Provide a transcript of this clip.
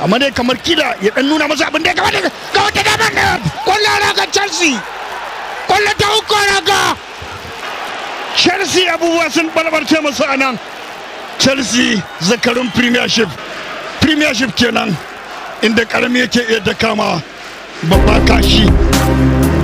amma dai kamar kila ya dan nuna masa abin da ya kamata ga wata damar da kwallo na ga chelsea kwallo ta uku ga chelsea abubuwa sun balbarce masu a nan chelsea zakarun premiership premiership kenan inda karami yake iya da kama babba kashi